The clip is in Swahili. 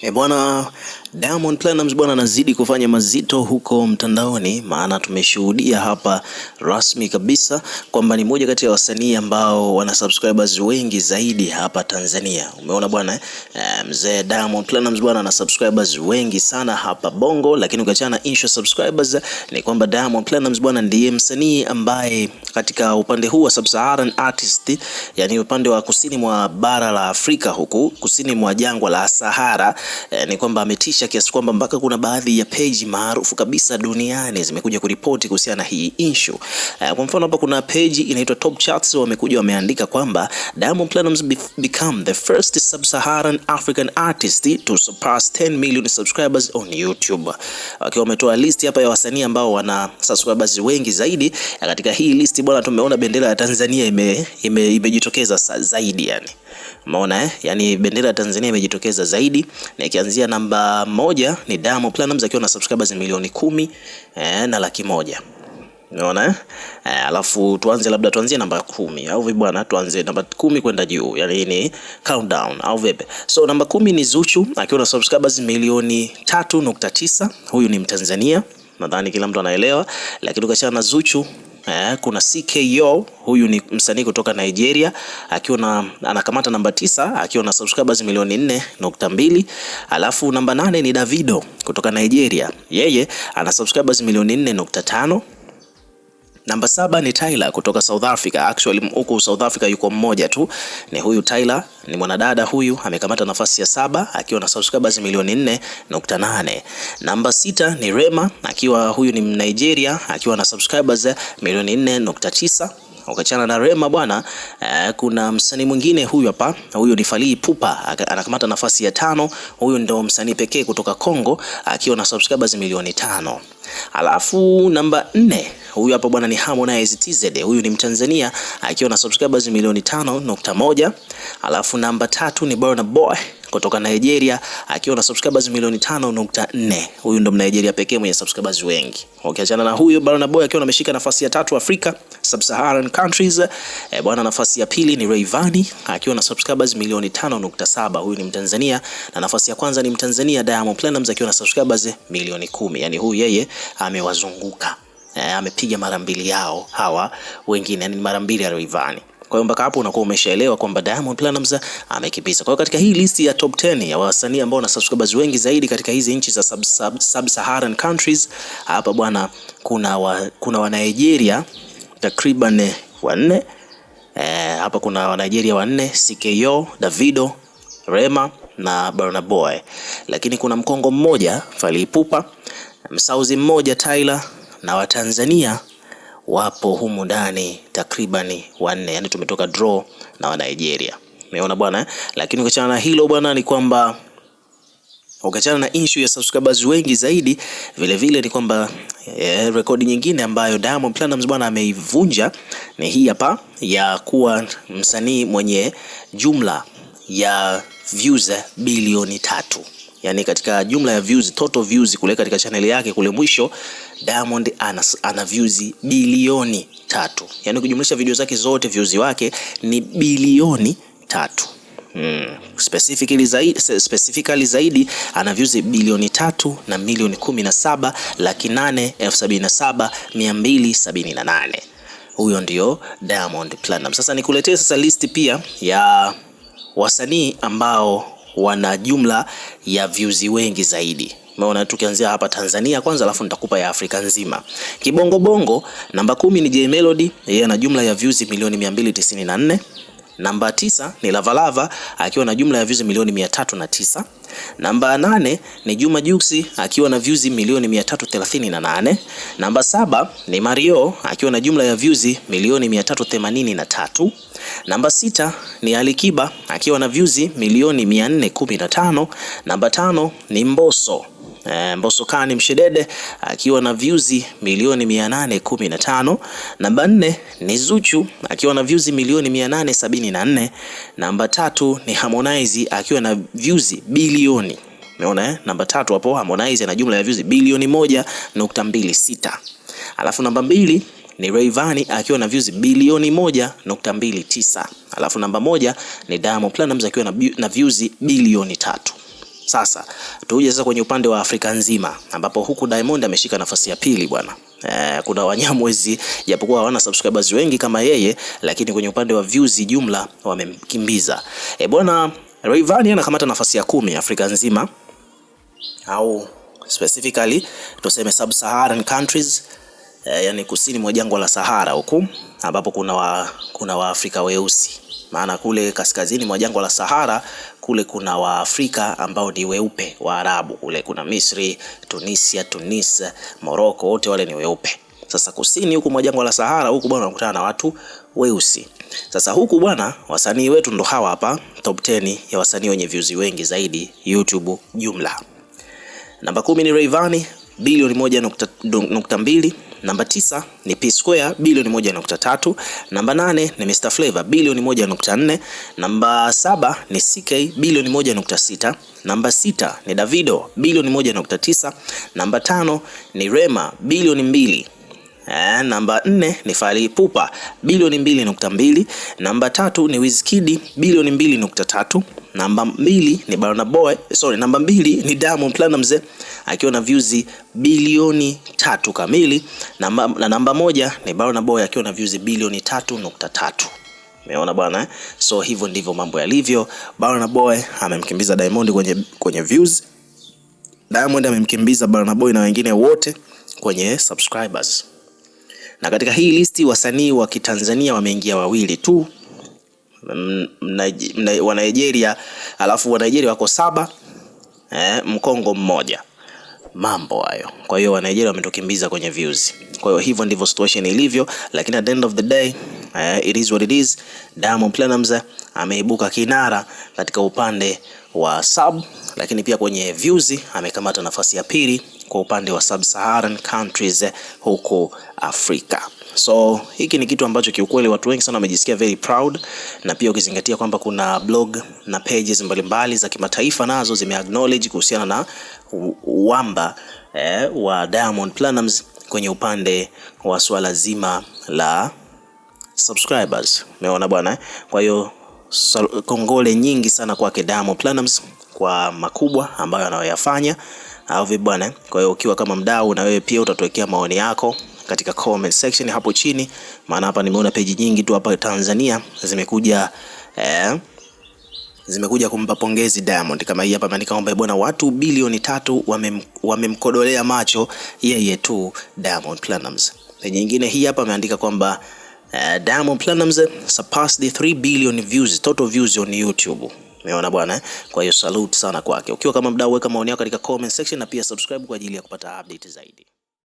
Es eh, bueno... Diamond Platinumz bwana anazidi kufanya mazito huko mtandaoni, maana tumeshuhudia hapa rasmi kabisa kwamba ni moja kati ya wasanii ambao wana subscribers wengi zaidi hapa Tanzania. Umeona bwana eh? eh mzee Diamond Platinumz bwana ana subscribers wengi sana hapa Bongo, lakini ukiachana na insha subscribers ni kwamba Diamond Platinumz bwana ndiye msanii ambaye katika upande huu wa Sub-Saharan artist, yani upande wa kusini mwa bara la Afrika huku kusini mwa jangwa la Sahara eh, ni kwamba ametisha kusikitisha kiasi kwamba mpaka kuna baadhi ya page maarufu kabisa duniani zimekuja kuripoti kuhusiana na hii issue. Eh, kwa mfano hapa kuna page inaitwa Top Charts wamekuja wameandika kwamba Diamond Platnumz become the first sub-Saharan African artist to surpass 10 million subscribers on YouTube. Wakiwa wametoa list hapa ya wasanii ambao wana subscribers wengi zaidi. Eh, katika hii list bwana, tumeona bendera ya Tanzania imejitokeza ime, ime zaidi yani. Umeona eh? Yaani bendera ya Tanzania imejitokeza zaidi na ikianzia namba mmoja ni Diamond Platnumz akiwa na subscribers milioni kumi eh, na laki moja. Unaona? eh, alafu tuanze labda tuanzie namba kumi au vipi bwana? Tuanze namba kumi kwenda juu. Yaani ni countdown au vipi? So namba kumi ni Zuchu akiwa na subscribers milioni tatu nukta tisa. Huyu ni Mtanzania. Nadhani kila mtu anaelewa, lakini ukachana na Zuchu Eh, kuna CKO huyu ni msanii kutoka Nigeria akiwa na anakamata namba tisa akiwa na subscribers milioni nne nukta mbili. Alafu namba nane ni Davido kutoka Nigeria, yeye ana subscribers milioni nne nukta tano. Namba saba ni Tyler kutoka South Africa. Actually huku South Africa yuko mmoja tu, ni huyu Tyler, ni mwanadada huyu, amekamata nafasi ya saba akiwa na subscribers milioni 4.8. Namba sita ni Rema, akiwa huyu ni Nigeria, akiwa na subscribers milioni 4.9. Ukachana na Rema bwana eh, kuna msanii mwingine huyu hapa, huyu ni Fally Ipupa anakamata nafasi ya tano. Huyu ndio msanii pekee kutoka Kongo akiwa na subscribers milioni tano. Alafu namba nne Huyu hapa bwana ni Harmonize TZ, huyu ni Mtanzania akiwa na subscribers milioni tano nukta moja. Alafu namba tatu ni Burna Boy kutoka Nigeria akiwa na subscribers milioni tano nukta nne. Huyu ndo Mnigeria pekee mwenye subscribers wengi. Ukiachana na huyu Burna Boy akiwa ameshika nafasi ya tatu Afrika Sub-Saharan countries. E, bwana nafasi ya pili ni Rayvanny akiwa na subscribers milioni tano nukta saba. Huyu ni Mtanzania na nafasi ya kwanza ni Mtanzania Diamond Platnumz akiwa na subscribers milioni kumi. Yaani huyu yeye amewazunguka eh, amepiga mara mbili yao hawa wengine, yani mara mbili ya Rayvanny. Kwa hiyo mpaka hapo unakuwa umeshaelewa kwamba Diamond Platnumz amekimbiza. Kwa hiyo katika hii listi ya top 10 ya wasanii ambao na subscribers wengi zaidi katika hizi nchi za sub, sub, sub-Saharan countries hapa bwana, kuna wa, kuna wa Nigeria takriban wanne eh, hapa kuna wa Nigeria wanne CKO, Davido, Rema na Burna Boy, lakini kuna mkongo mmoja Fally Ipupa, msauzi mmoja Tyler na Watanzania wapo humu ndani takribani wanne, yani tumetoka draw na wa Nigeria. Umeona bwana eh? Lakini ukiachana na hilo bwana ni kwamba ukiachana na issue ya subscribers wengi zaidi, vile vile ni kwamba eh, rekodi nyingine ambayo Diamond Platnumz bwana ameivunja ni hii hapa ya kuwa msanii mwenye jumla ya views bilioni tatu yani katika jumla ya views, total views kule katika channel yake kule mwisho Diamond ana, ana views bilioni tatu, yani ukijumlisha video zake zote views wake ni bilioni tatu. Hmm. Specifically zaidi, specifically zaidi ana views bilioni tatu na milioni kumi na saba laki nane elfu sabini na saba mia mbili sabini na nane. Huyo ndio Diamond Platinum. Sasa nikuletee sasa listi pia ya wasanii ambao wana jumla ya views wengi zaidi. Umeona, tukianzia hapa Tanzania kwanza, alafu nitakupa ya Afrika nzima. Kibongo bongo namba kumi ni Jay Melody, yeye ana jumla ya views milioni 294. Namba tisa ni Lavalava akiwa na jumla ya views milioni mia tisa. Namba nane ni Juma Juksi akiwa na views milioni mia na nane. Namba saba ni Mario akiwa na jumla ya views milioni mia tatu. Namba sita ni Alikiba akiwa na views milioni 415. Namba tano ni Mbosso e, eh, Mbosso Kani Mshedede akiwa na views milioni 815. Namba nne ni Zuchu akiwa na views milioni 874. Namba tatu ni Harmonize akiwa na views bilioni Umeona eh? Namba tatu hapo Harmonize ana jumla ya views bilioni moja nukta mbili sita. Alafu namba mbili ni Rayvanny akiwa na views bilioni moja nukta mbili tisa alafu namba moja ni Diamond Platnumz akiwa na, na views bilioni tatu. Sasa tuje sasa kwenye upande wa Afrika nzima ambapo huku Diamond ameshika nafasi ya pili bwana. E, kuna Wanyamwezi japokuwa hawana subscribers wengi kama yeye, lakini kwenye upande wa views jumla wamemkimbiza. E, bwana Rayvanny anakamata nafasi ya kumi Afrika nzima au specifically tuseme sub-Saharan countries eh, yani kusini mwa jangwa la Sahara huku ambapo kuna wa, kuna Waafrika weusi, maana kule kaskazini mwa jangwa la Sahara kule kuna Waafrika ambao ni weupe Waarabu, kule kuna Misri, Tunisia, Tunis, Morocco, wote wale ni weupe. Sasa kusini huku mwa jangwa la Sahara huku bwana, unakutana na watu weusi. Sasa huku bwana, wasanii wetu ndo hawa hapa, top 10 ya wasanii wenye views wengi zaidi YouTube jumla. Namba kumi ni Rayvanny bilioni moja nukta, nukta mbili. Namba tisa ni P Square bilioni moja nukta tatu. Namba nane ni Mr Flavor bilioni moja nukta nne. Namba saba ni CK bilioni moja nukta sita. Namba sita ni Davido bilioni moja nukta tisa. Namba tano ni Rema bilioni mbili. Eh, namba nne ni Fally Ipupa bilioni mbili nukta mbili. Namba tatu ni Wizkid bilioni mbili nukta tatu. Namba mbili ni Burna Boy, sorry, namba mbili ni Diamond Platnumz akiwa na views bilioni tatu kamili namba, na namba, moja ni Burna Boy akiwa na views bilioni tatu nukta tatu. Umeona bwana eh? So hivyo ndivyo mambo yalivyo. Burna Boy amemkimbiza Diamond kwenye, kwenye views. Diamond amemkimbiza Burna Boy na wengine wote kwenye subscribers na katika hii listi wasanii wa Kitanzania wameingia wawili tu wa Nigeria, alafu wa Nigeria wako saba eh, Mkongo mmoja. Mambo hayo. Kwa hiyo wa Nigeria wametukimbiza kwenye views. Kwa hiyo hivyo ndivyo situation ilivyo, lakini at the end of the day eh, it is what it is. Diamond Platnumz eh, ameibuka kinara katika upande wa sub, lakini pia kwenye views amekamata nafasi ya pili kwa upande wa sub-Saharan countries huko Afrika. So hiki ni kitu ambacho kiukweli watu wengi sana wamejisikia very proud, na pia ukizingatia kwamba kuna blog na pages mbalimbali za kimataifa nazo zime acknowledge kuhusiana na uwamba eh, wa Diamond Platnumz kwenye upande wa swala zima la subscribers. Umeona bwana eh? Kwa hiyo kongole nyingi sana kwake Diamond Platnumz kwa makubwa ambayo anayoyafanya au vipi bwana. Kwa hiyo ukiwa kama mdau na wewe pia utatuwekea maoni yako katika comment section hapo chini, maana hapa nimeona peji nyingi tu hapa Tanzania zimekuja eh, zimekuja kumpa pongezi Diamond. Kama hii hapa ameandika kwamba bwana, watu bilioni tatu wamemkodolea wame macho yeye tu Diamond Platnumz. Peji nyingine hii hapa ameandika kwamba uh, Diamond Platnumz surpassed the 3 billion views total views on YouTube. Umeona bwana eh? Kwa hiyo salute sana kwake. Ukiwa kama mdau, weka maoni yako katika comment section na pia subscribe kwa ajili ya kupata update zaidi.